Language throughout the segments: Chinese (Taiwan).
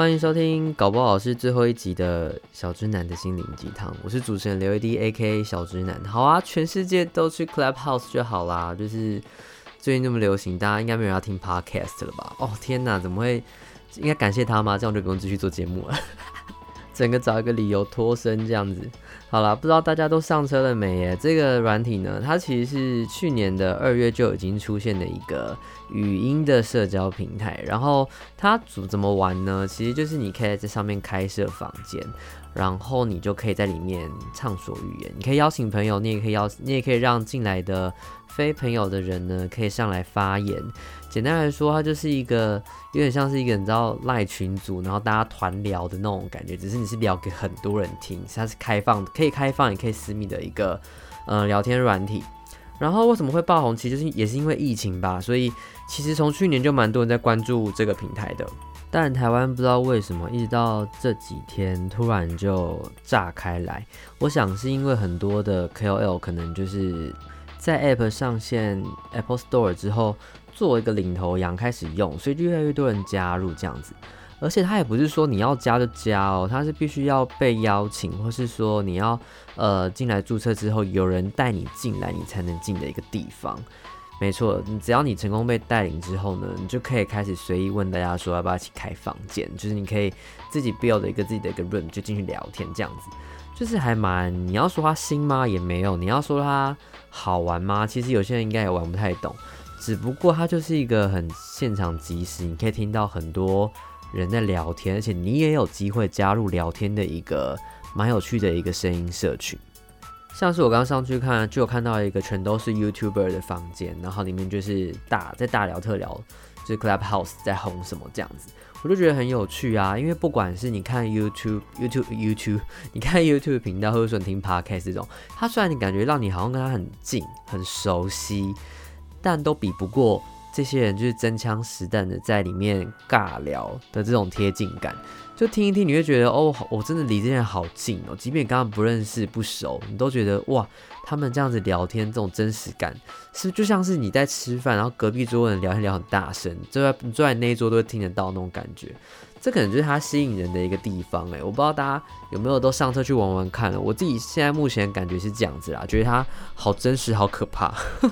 歡迎收聽，搞不好是最後一集的《小之男的心靈雞湯》。我是主持人劉一滴，A.K.A. 小之男。好啊，全世界都去 Clubhouse 就好啦。就是最近那麼流行，大家應該沒有要聽 Podcast 了吧？哦天哪，怎麼會？應該感謝他嗎？這樣我就不用繼續做節目了。整個找一個理由脫身這樣子，好啦，不知道大家都上車了沒？哎，這個軟體呢，它其實是去年的二月就已經出現的一個語音的社交平台。然後它怎怎麼玩呢？其實就是你可以在這上面開設房間。然後你就可以在裡面暢所欲言，你可以邀請朋友，你也可以邀，你也可以讓進來的非朋友的人呢可以上來發言。簡單來說，它就是一個有點像是一個你知道賴群組，然後大家團聊的那種感覺，只是你是聊給很多人聽，它是開放的，可以開放也可以私密的一個嗯、呃、聊天軟體。然後為什麼會爆紅？其實就是也是因為疫情吧，所以其實從去年就蠻多人在關注這個平台的。但台灣不知道為什麼，一直到這幾天突然就炸開來。我想是因為很多的 KOL 可能就是在 App 上線 Apple Store 之後，做一個領頭羊開始用，所以越來越多人加入這樣子。而且它也不是說你要加就加哦，它是必須要被邀請，或是說你要呃進來註冊之後，有人帶你進來，你才能進的一個地方。沒錯，只要你成功被帶領之後呢，你就可以開始隨意問大家說要不要一起開房間，就是你可以自己 build 一個自己的一個 room，就進去聊天這樣子，就是還蠻，你要說它新嗎？也沒有，你要說它好玩嗎？其實有些人應該也玩不太懂，只不過它就是一個很現場即時，你可以聽到很多人在聊天，而且你也有機會加入聊天的一個蠻有趣的一個聲音社群。像是我剛上去看，就有看到一個全都是 YouTuber 的房間，然後裡面就是大在大聊特聊，就是 Clubhouse 在紅什麼這樣子，我就覺得很有趣啊。因為不管是你看 YouTube, YouTube、YouTube、YouTube，你看 YouTube 頻道，或者是你聽 Podcast 這種，它雖然你感覺讓你好像跟它很近、很熟悉，但都比不過。這些人就是真槍實彈的在裡面尬聊的這種貼近感，就聽一聽，你會覺得哦，我真的離這些人好近哦。即便剛剛不認識不熟，你都覺得哇，他們這樣子聊天，這種真實感，是不是就像是你在吃飯，然後隔壁桌人聊天聊很大聲，就在坐在那一桌都會聽得到那種感覺。這可能就是他吸引人的一個地方哎、欸。我不知道大家有沒有都上車去玩玩看了，我自己現在目前感覺是這樣子啦，覺得他好真實，好可怕。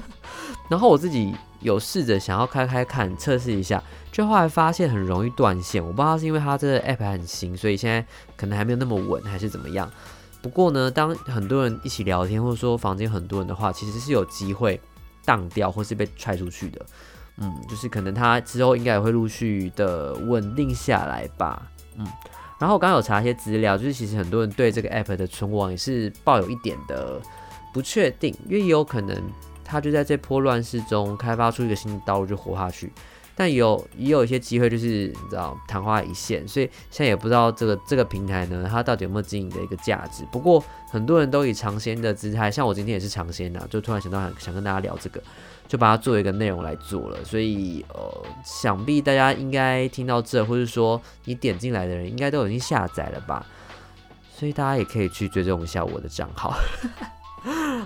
然後我自己有試着想要開開看測試一下，最後還發現很容易斷線。我不知道是因為它這個 app 很新，所以現在可能還沒有那麼穩，還是怎麼樣。不過呢，當很多人一起聊天，或者說房間很多人的話，其實是有機會當掉或是被踹出去的。嗯，就是可能它之後應該也會陸續的穩定下來吧。嗯，然後我剛剛有查一些資料，就是其實很多人對這個 app 的存亡也是抱有一點的不確定，因為也有可能。他就在這波亂世中開發出一個新的道路，就活下去，但也，但有也有一些機會，就是你知道曇花一現，所以現在也不知道這個這個平台呢，它到底有沒有經營的一個價值。不過很多人都以嘗鮮的姿態，像我今天也是嘗鮮的，就突然想到想，想跟大家聊這個，就把它作為一個內容來做了。所以呃，想必大家應該聽到這，或者說你點進來的人應該都已經下載了吧，所以大家也可以去追蹤一下我的賬號。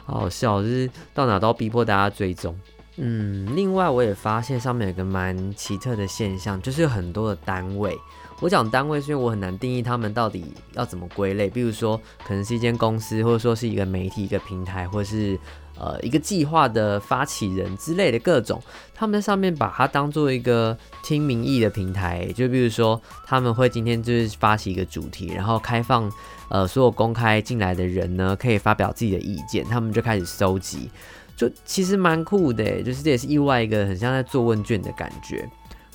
好笑，就是到哪都要逼迫大家追蹤。嗯，另外我也發現上面有一個蠻奇特的現象，就是有很多的單位。我講單位，是因為我很難定義他們到底要怎麼歸類。比如說，可能是一間公司，或者說是一個媒體、一個平台，或者是，呃，一個計劃的發起人之類的各種，他們在上面把它當做一個聽民意的平台。就比如說，他們會今天就是發起一個主題，然後開放，呃，所有公開進來的人呢，可以發表自己的意見。他們就開始收集，就其實蠻酷的，就是這也是意外一個很像在做問卷的感覺。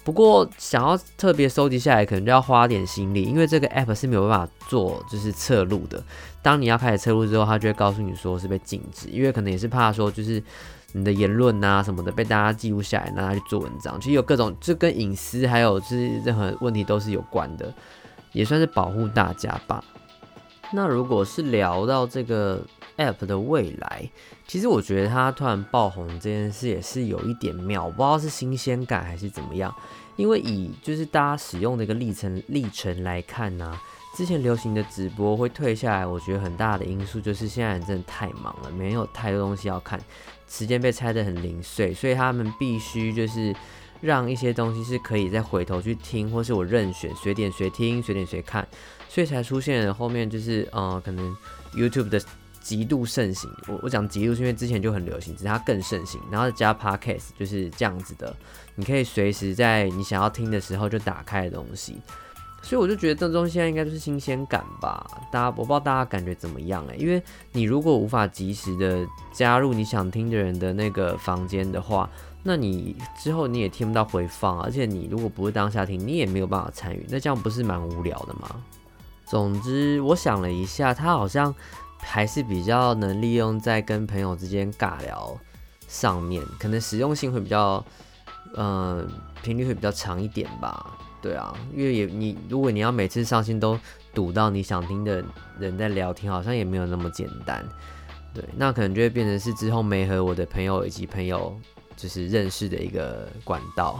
不過想要特別收集下來，可能就要花點心力，因為這個 app 是沒有辦法做就是側錄的。當你要開始側錄之後，他就會告訴你說是被禁止，因為可能也是怕說就是你的言論啊什麼的被大家記錄下來，拿它去做文章。其實有各種就跟隱私還有就是任何問題都是有關的，也算是保護大家吧。那如果是聊到這個。App 的未來，其實我覺得它突然爆紅這件事也是有一點妙，我不知道是新鮮感還是怎麼樣。因為以就是大家使用的一個歷程歷程來看呢、啊，之前流行的直播會退下來，我覺得很大的因素就是現在人真的太忙了，沒有太多東西要看，時間被拆得很零碎，所以他們必須就是讓一些東西是可以再回頭去聽，或是我任選，隨點隨聽，隨點隨看，所以才出現了後面就是啊、呃，可能 YouTube 的極度盛行，我我講極度是因為之前就很流行，只是它更盛行，然後加 podcast 就是這樣子的，你可以隨時在你想要聽的時候就打開的東西，所以我就覺得這東西現在應該就是新鮮感吧。大家我不知道大家感覺怎麼樣哎、欸，因為你如果無法及時的加入你想聽的人的那個房間的話，那你之後你也聽不到回放、啊，而且你如果不是當下聽，你也沒有辦法參與，那這樣不是蠻無聊的嗎？總之，我想了一下，它好像，還是比較能利用在跟朋友之間尬聊上面，可能實用性會比較，嗯、呃，頻率會比較長一點吧。對啊，因為也你如果你要每次上線都堵到你想聽的人，人在聊天，好像也沒有那麼簡單。對，那可能就會變成是之後沒和我的朋友以及朋友就是認識的一個管道，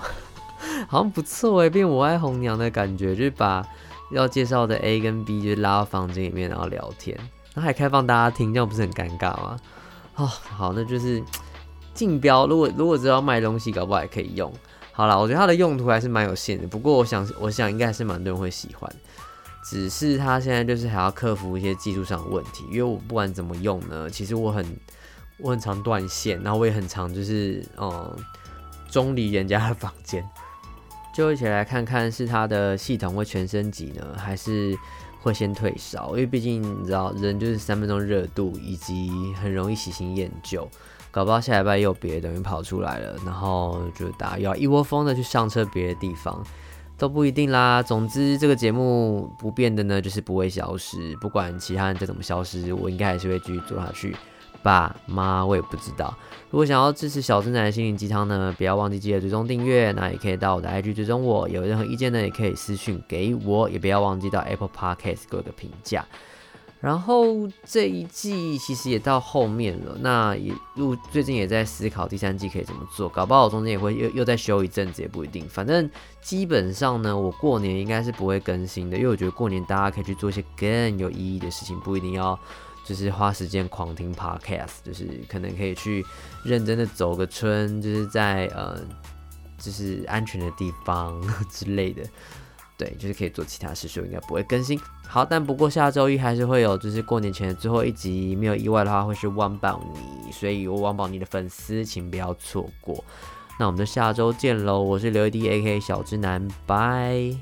好像不錯哎，變我愛紅娘的感覺，就是把要介紹的 A 跟 B 就拉到房間裡面然後聊天。那還開放大家聽，這樣不是很尷尬嗎？哦，好，那就是競標。如果如果知道賣東西，搞不好也可以用。好啦，我覺得它的用途還是蠻有限的。不過我想，我想應該還是蠻多人會喜歡。只是它現在就是還要克服一些技術上的問題。因為我不管怎麼用呢，其實我很我很常斷線，然後我也很常就是嗯，中離人家的房間。就一起來看看是它的系統會全升級呢，還是？會先退燒，因為畢竟你知道，人就是三分鐘熱度，以及很容易喜新厭舊，搞不好下禮拜又有別的東西跑出來了，然後就大家又要一窩蜂的去上車別的地方，都不一定啦。總之這個節目不變的呢，就是不會消失，不管其他人再怎麼消失，我應該還是會繼續做下去。爸媽，我也不知道。如果想要支持小之男的心靈雞湯呢，不要忘記記得追蹤訂閱，那也可以到我的 IG 追蹤我。有任何意見呢，也可以私訊給我，也不要忘記到 Apple Podcast 給我一個評價。然後這一季其實也到後面了，那也錄最近也在思考第三季可以怎麼做，搞不好中間也會又又再休一陣子也不一定。反正基本上呢，我過年應該是不會更新的，因為我覺得過年大家可以去做一些更有意義的事情，不一定要。就是花時間狂聽 podcast，就是可能可以去認真的走個村，就是在呃，就是安全的地方呵呵之類的。對，就是可以做其他事，所以我應該不會更新。好，但不過下周一還是會有，就是過年前的最後一集，沒有意外的話會是王寶你，所以我王寶你的粉絲請不要錯過。那我們就下周見嘍，我是劉一滴，A.K.A 小之男，拜。